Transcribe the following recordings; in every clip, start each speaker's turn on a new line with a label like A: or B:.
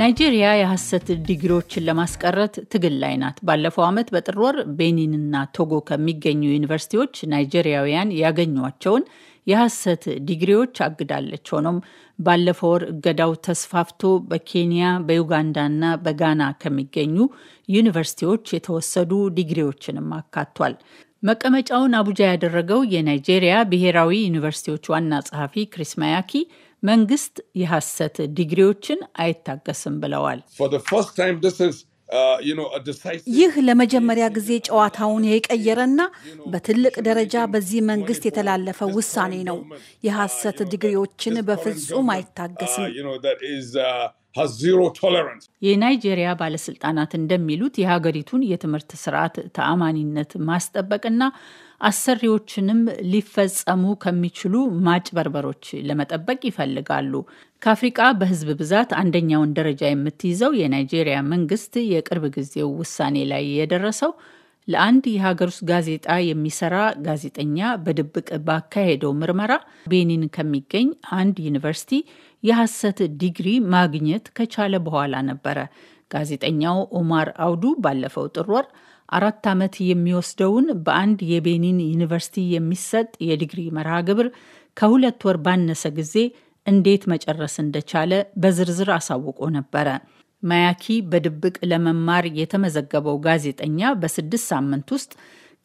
A: ናይጄሪያ የሐሰት ዲግሪዎችን ለማስቀረት ትግል ላይ ናት። ባለፈው ዓመት በጥር ወር ቤኒንና ቶጎ ከሚገኙ ዩኒቨርሲቲዎች ናይጄሪያውያን ያገኟቸውን የሐሰት ዲግሪዎች አግዳለች። ሆኖም ባለፈው ወር እገዳው ተስፋፍቶ በኬንያ በዩጋንዳና በጋና ከሚገኙ ዩኒቨርሲቲዎች የተወሰዱ ዲግሪዎችንም አካቷል። መቀመጫውን አቡጃ ያደረገው የናይጄሪያ ብሔራዊ ዩኒቨርሲቲዎች ዋና ጸሐፊ ክሪስ ማያኪ መንግስት የሐሰት ዲግሪዎችን አይታገስም ብለዋል። uh, ይህ ለመጀመሪያ ጊዜ ጨዋታውን የቀየረና በትልቅ ደረጃ በዚህ መንግስት የተላለፈ ውሳኔ ነው። የሐሰት ዲግሪዎችን በፍጹም አይታገስም። uh, የናይጄሪያ ባለስልጣናት እንደሚሉት የሀገሪቱን የትምህርት ስርዓት ተአማኒነት ማስጠበቅና አሰሪዎችንም ሊፈጸሙ ከሚችሉ ማጭበርበሮች ለመጠበቅ ይፈልጋሉ። ከአፍሪቃ በህዝብ ብዛት አንደኛውን ደረጃ የምትይዘው የናይጄሪያ መንግስት የቅርብ ጊዜው ውሳኔ ላይ የደረሰው ለአንድ የሀገር ውስጥ ጋዜጣ የሚሰራ ጋዜጠኛ በድብቅ ባካሄደው ምርመራ ቤኒን ከሚገኝ አንድ ዩኒቨርሲቲ የሐሰት ዲግሪ ማግኘት ከቻለ በኋላ ነበረ። ጋዜጠኛው ኦማር አውዱ ባለፈው ጥር ወር አራት ዓመት የሚወስደውን በአንድ የቤኒን ዩኒቨርሲቲ የሚሰጥ የዲግሪ መርሃ ግብር ከሁለት ወር ባነሰ ጊዜ እንዴት መጨረስ እንደቻለ በዝርዝር አሳውቆ ነበረ። ማያኪ በድብቅ ለመማር የተመዘገበው ጋዜጠኛ በስድስት ሳምንት ውስጥ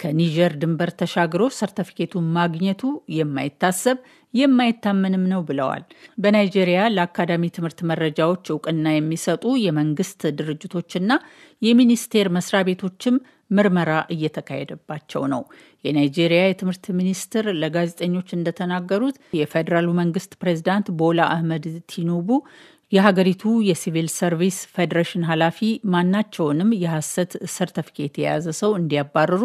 A: ከኒጀር ድንበር ተሻግሮ ሰርተፊኬቱን ማግኘቱ የማይታሰብ የማይታመንም ነው ብለዋል። በናይጄሪያ ለአካዳሚ ትምህርት መረጃዎች እውቅና የሚሰጡ የመንግስት ድርጅቶችና የሚኒስቴር መስሪያ ቤቶችም ምርመራ እየተካሄደባቸው ነው። የናይጄሪያ የትምህርት ሚኒስትር ለጋዜጠኞች እንደተናገሩት የፌዴራሉ መንግስት ፕሬዚዳንት ቦላ አህመድ ቲኑቡ የሀገሪቱ የሲቪል ሰርቪስ ፌዴሬሽን ኃላፊ ማናቸውንም የሐሰት ሰርተፍኬት የያዘ ሰው እንዲያባረሩ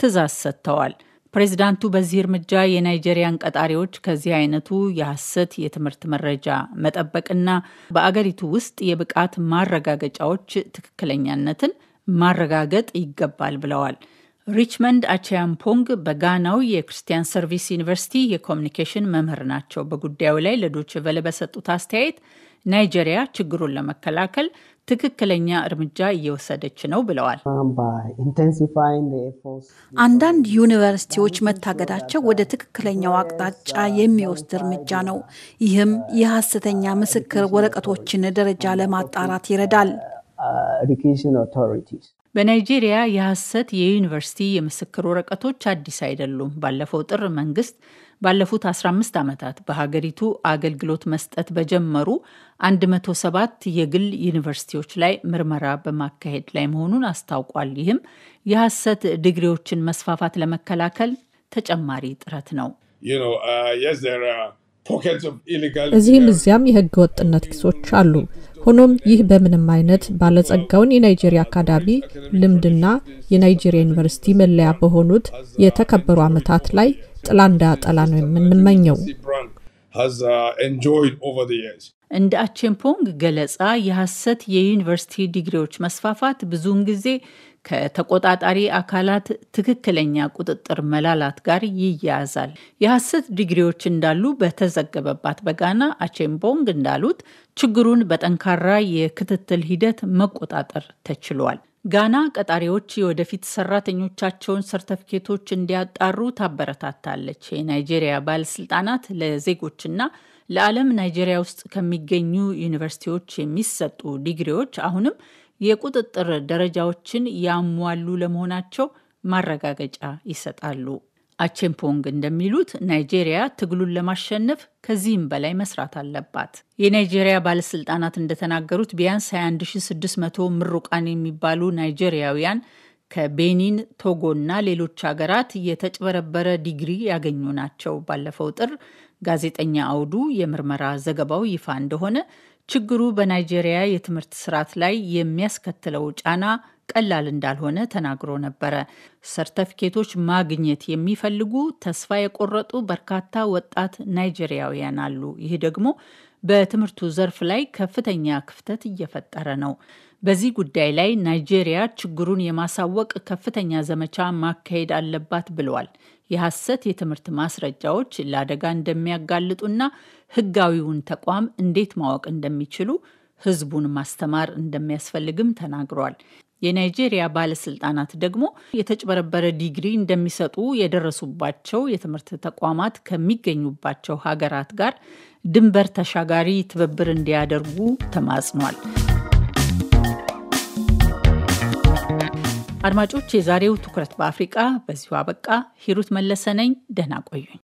A: ትዕዛዝ ሰጥተዋል። ፕሬዚዳንቱ በዚህ እርምጃ የናይጄሪያን ቀጣሪዎች ከዚህ አይነቱ የሐሰት የትምህርት መረጃ መጠበቅና በአገሪቱ ውስጥ የብቃት ማረጋገጫዎች ትክክለኛነትን ማረጋገጥ ይገባል ብለዋል። ሪችመንድ አቻያምፖንግ በጋናው የክርስቲያን ሰርቪስ ዩኒቨርሲቲ የኮሚኒኬሽን መምህር ናቸው። በጉዳዩ ላይ ለዶችቨለ በሰጡት አስተያየት ናይጄሪያ ችግሩን ለመከላከል ትክክለኛ እርምጃ እየወሰደች ነው ብለዋል። አንዳንድ ዩኒቨርሲቲዎች መታገዳቸው ወደ ትክክለኛው አቅጣጫ የሚወስድ እርምጃ ነው። ይህም የሐሰተኛ ምስክር ወረቀቶችን ደረጃ ለማጣራት ይረዳል። በናይጄሪያ የሐሰት የዩኒቨርሲቲ የምስክር ወረቀቶች አዲስ አይደሉም። ባለፈው ጥር መንግስት ባለፉት 15 ዓመታት በሀገሪቱ አገልግሎት መስጠት በጀመሩ 107 የግል ዩኒቨርሲቲዎች ላይ ምርመራ በማካሄድ ላይ መሆኑን አስታውቋል። ይህም የሐሰት ዲግሪዎችን መስፋፋት ለመከላከል ተጨማሪ ጥረት ነው። uh, እዚህም እዚያም የህገ ወጥነት ኪሶች አሉ። ሆኖም ይህ በምንም አይነት ባለጸጋውን የናይጄሪያ አካዳሚ ልምድና የናይጄሪያ ዩኒቨርሲቲ መለያ በሆኑት የተከበሩ ዓመታት ላይ ጥላ እንዳያጠላ ነው የምንመኘው። Uh, እንደ አቼምፖንግ ገለጻ የሐሰት የዩኒቨርሲቲ ዲግሪዎች መስፋፋት ብዙውን ጊዜ ከተቆጣጣሪ አካላት ትክክለኛ ቁጥጥር መላላት ጋር ይያያዛል። የሐሰት ዲግሪዎች እንዳሉ በተዘገበባት በጋና አቼምፖንግ እንዳሉት ችግሩን በጠንካራ የክትትል ሂደት መቆጣጠር ተችሏል። ጋና ቀጣሪዎች የወደፊት ሰራተኞቻቸውን ሰርተፍኬቶች እንዲያጣሩ ታበረታታለች። የናይጄሪያ ባለስልጣናት ለዜጎችና ለዓለም ናይጄሪያ ውስጥ ከሚገኙ ዩኒቨርሲቲዎች የሚሰጡ ዲግሪዎች አሁንም የቁጥጥር ደረጃዎችን ያሟሉ ለመሆናቸው ማረጋገጫ ይሰጣሉ። አቼምፖንግ እንደሚሉት ናይጄሪያ ትግሉን ለማሸነፍ ከዚህም በላይ መስራት አለባት። የናይጄሪያ ባለስልጣናት እንደተናገሩት ቢያንስ 21600 ምሩቃን የሚባሉ ናይጄሪያውያን ከቤኒን፣ ቶጎ እና ሌሎች ሀገራት የተጭበረበረ ዲግሪ ያገኙ ናቸው። ባለፈው ጥር ጋዜጠኛ አውዱ የምርመራ ዘገባው ይፋ እንደሆነ ችግሩ በናይጄሪያ የትምህርት ስርዓት ላይ የሚያስከትለው ጫና ቀላል እንዳልሆነ ተናግሮ ነበረ። ሰርተፊኬቶች ማግኘት የሚፈልጉ ተስፋ የቆረጡ በርካታ ወጣት ናይጄሪያውያን አሉ። ይህ ደግሞ በትምህርቱ ዘርፍ ላይ ከፍተኛ ክፍተት እየፈጠረ ነው። በዚህ ጉዳይ ላይ ናይጄሪያ ችግሩን የማሳወቅ ከፍተኛ ዘመቻ ማካሄድ አለባት ብለዋል። የሐሰት የትምህርት ማስረጃዎች ለአደጋ እንደሚያጋልጡና ሕጋዊውን ተቋም እንዴት ማወቅ እንደሚችሉ ህዝቡን ማስተማር እንደሚያስፈልግም ተናግሯል። የናይጄሪያ ባለስልጣናት ደግሞ የተጭበረበረ ዲግሪ እንደሚሰጡ የደረሱባቸው የትምህርት ተቋማት ከሚገኙባቸው ሀገራት ጋር ድንበር ተሻጋሪ ትብብር እንዲያደርጉ ተማጽኗል። አድማጮች፣ የዛሬው ትኩረት በአፍሪቃ በዚሁ አበቃ። ሂሩት መለሰ ነኝ። ደህና ቆዩኝ።